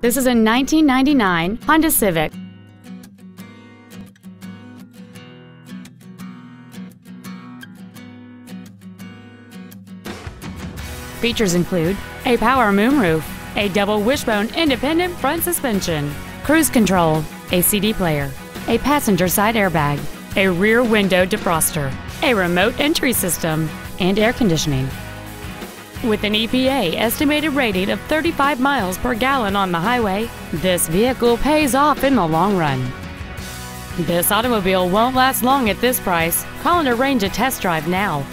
This is a 1999 Honda Civic. Features include a power moonroof, a double wishbone independent front suspension, cruise control, a CD player, a passenger side airbag, a rear window defroster, a remote entry system, and air conditioning. With an EPA estimated rating of 35 miles per gallon on the highway, this vehicle pays off in the long run. This automobile won't last long at this price. Call and arrange a test drive now.